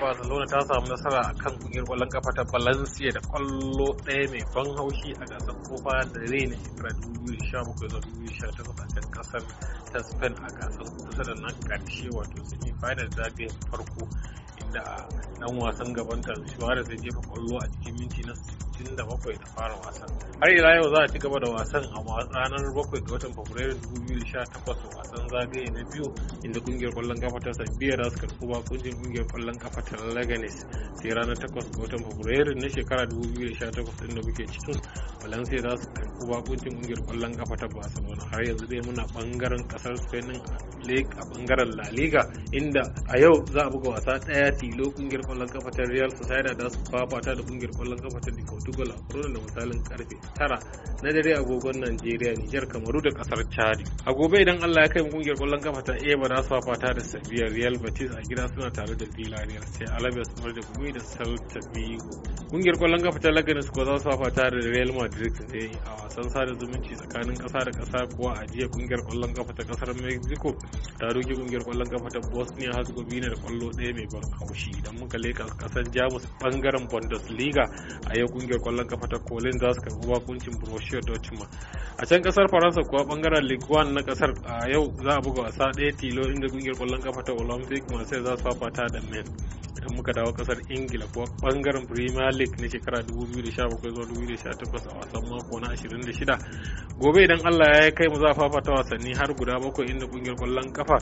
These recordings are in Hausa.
barcelona ta samu nasara a kan kungiyar kwallon kafa ta valencia da kwallo ɗaya mai ban haushi a gasar kofa da rai na shekara 2017 2018 a can kasar ta spain a gasar kusa da nan karshe wato semi final zagayen farko inda a dan wasan gaban ta suarez ya jefa kwallo a cikin minti na 67 da fara wasan har ila yau za a ci gaba da wasan a ranar 7 ga watan fabrairu 2018 wasan zagaye na biyu inda kungiyar kwallon kafa ta sabbiya da suka kuma kungiyar kungiyar kwallon kafa ta laganes sai ranar 8 ga watan fabrairu na shekara 2018 inda muke cikin valencia za su karɓi bakuncin kungiyar kwallon kafa ta barcelona har yanzu dai muna bangaren kasar spain lake a bangaren la liga inda a yau za a buga wasa daya tilo kungiyar kwallon kafa ta real sociedad da su fafata da kungiyar kwallon kafa ta Portugal a da misalin karfe 9 na dare agogon Najeriya, Nijar, Kamaru da kasar Chad. A gobe idan Allah ya kai mu kungiyar kwallon kafa ta Eba za su fafata da Sevilla Real Betis a gida suna tare da Villarreal sai Alaves kuma da gumi da Celta Vigo. Kungiyar kwallon kafa ta Leganes ko za su fafata da Real Madrid ne a wasan sada zumunci tsakanin kasa da kasa kuwa a jiya kungiyar kwallon kafa ta kasar Mexico ta roki kungiyar kwallon kafa ta Bosnia Herzegovina da kwallo ɗaya mai ban haushi idan muka leka kasar Jamus bangaren Bundesliga a yau kungiyar kungiyar kwallon kafa ta Colin za su karbi wakuncin Borussia Dortmund. A can kasar Faransa kuwa bangaren Ligue 1 na kasar a yau za a buga wasa ɗaya tilo inda kungiyar kwallon kafa ta Olympique Marseille za su fafata da Metz. idan muka dawo kasar ingila kuwa bangaren premier league na shekara 2017 zuwa 2018 a wasan mako na 26 gobe idan allah ya kai mu za fafata wasanni har guda bakwai inda kungiyar kwallon kafa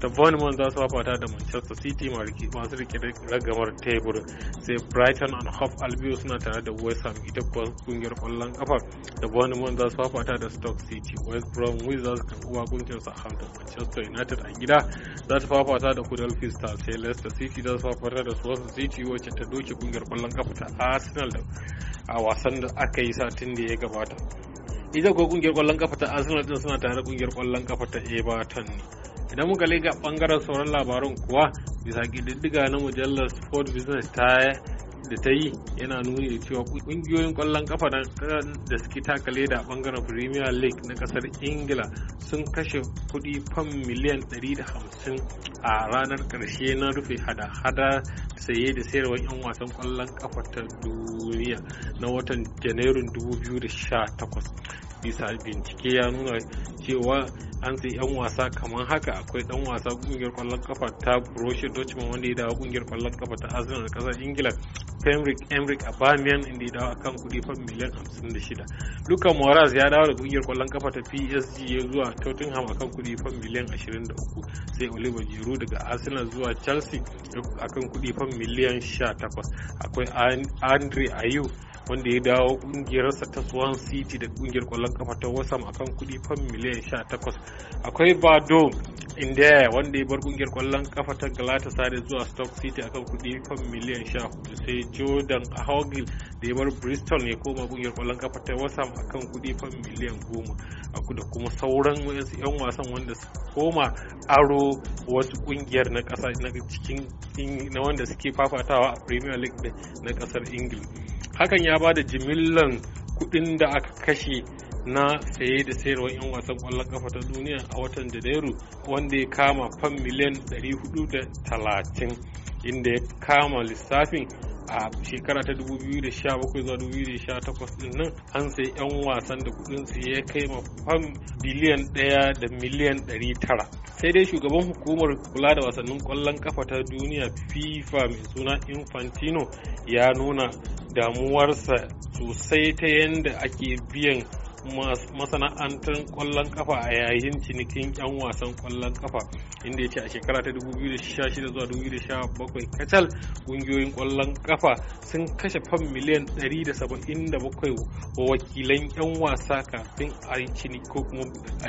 ta bournemouth za su fafata da manchester city masu rike ragamar tebur sai brighton and hove albion suna tare da west ham ita kuwa kungiyar kwallon kafa da bournemouth za su fafata da stoke city west bromwich za su karɓi a southampton manchester united a gida za su fafata da kudal stars sai leicester city za su fafata da da Swansea City wacce ta doke kungiyar kwallon kafa ta Arsenal a wasan da aka yi satin da ya gabata. idan ko kungiyar kwallon kafa ta Arsenal din suna tare kungiyar kwallon kafa ta Everton ne. Idan muka lega bangaren sauran labaran kuwa bisa kididdiga na mujallar Sport Business ta da ta yi yana nuni da cewa kungiyoyin kwallon kafa da suke taka leda a bangaren premier league na kasar ingila sun kashe kudi fam miliyan 150 a ranar karshe na rufe hada-hada saye da sayarwar 'yan wasan kwallon kafa ta duniya na watan janairun 2018 bisa bincike ya nuna cewa an sai yan wasa kamar haka akwai dan wasa kungiyar kwallon kafa ta Borussia Dortmund wanda ya dawo kungiyar kwallon kafa ta Arsenal da kasar Ingila Henrik Henrik Aubameyang inda ya dawo akan kudi fa miliyan 56 Luka Moraes ya dawo da kungiyar kwallon kafa ta PSG ya zuwa Tottenham akan kudi fa miliyan 23 sai Oliver Giroud daga Arsenal zuwa Chelsea akan kudi fa miliyan 18 akwai Andre Ayew wanda ya dawo kungiyarsa ta Swan City da kungiyar kwallon kafa ta Wasam akan kudi fam miliyan 18. Akwai Bado India wanda ya bar kungiyar kwallon kafa ta Galatasaray zuwa Stoke City akan kudi fam miliyan 14 sai Jordan Hogil da ya bar Bristol ya koma kungiyar kwallon kafa ta Wasam akan kudi fam miliyan 10 da kuma sauran 'yan wasan wanda koma aro wasu kungiyar na kasa na cikin na wanda suke fafatawa a Premier League na kasar Ingila. hakan ya bada jimillan kuɗin da aka kashe na saye da sayarwar 'yan wasan kwallon kafa ta duniya a watan janairu wanda ya kama fan miliyan 430 inda ya kama lissafin a shekara ta 2017 zuwa 2018 din nan an sai 'yan wasan da kudin su ya kai fan biliyan 1 da miliyan 900 sai dai shugaban hukumar kula da wasannin kwallon kafa ta duniya fifa mai suna infantino ya nuna damuwarsa sosai ta yadda ake biyan masana'antar kwallon kafa a yayin cinikin 'yan wasan kwallon kafa inda ya ce a shekara ta 2016 zuwa 2017 kacal ƙungiyoyin kwallon kafa sun kashe fam miliyan 177 wa wakilan 'yan wasa kafin a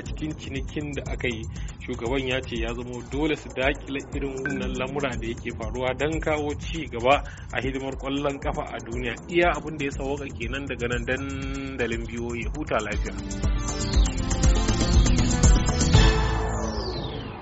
cikin cinikin da aka yi shugaban ya ce ya zamo dole su dakile irin wannan lamura da yake faruwa don kawo ci gaba a hidimar kwallon kafa a duniya iya abin da ya sawaka kenan daga nan dandalin biyu ya huta lafiya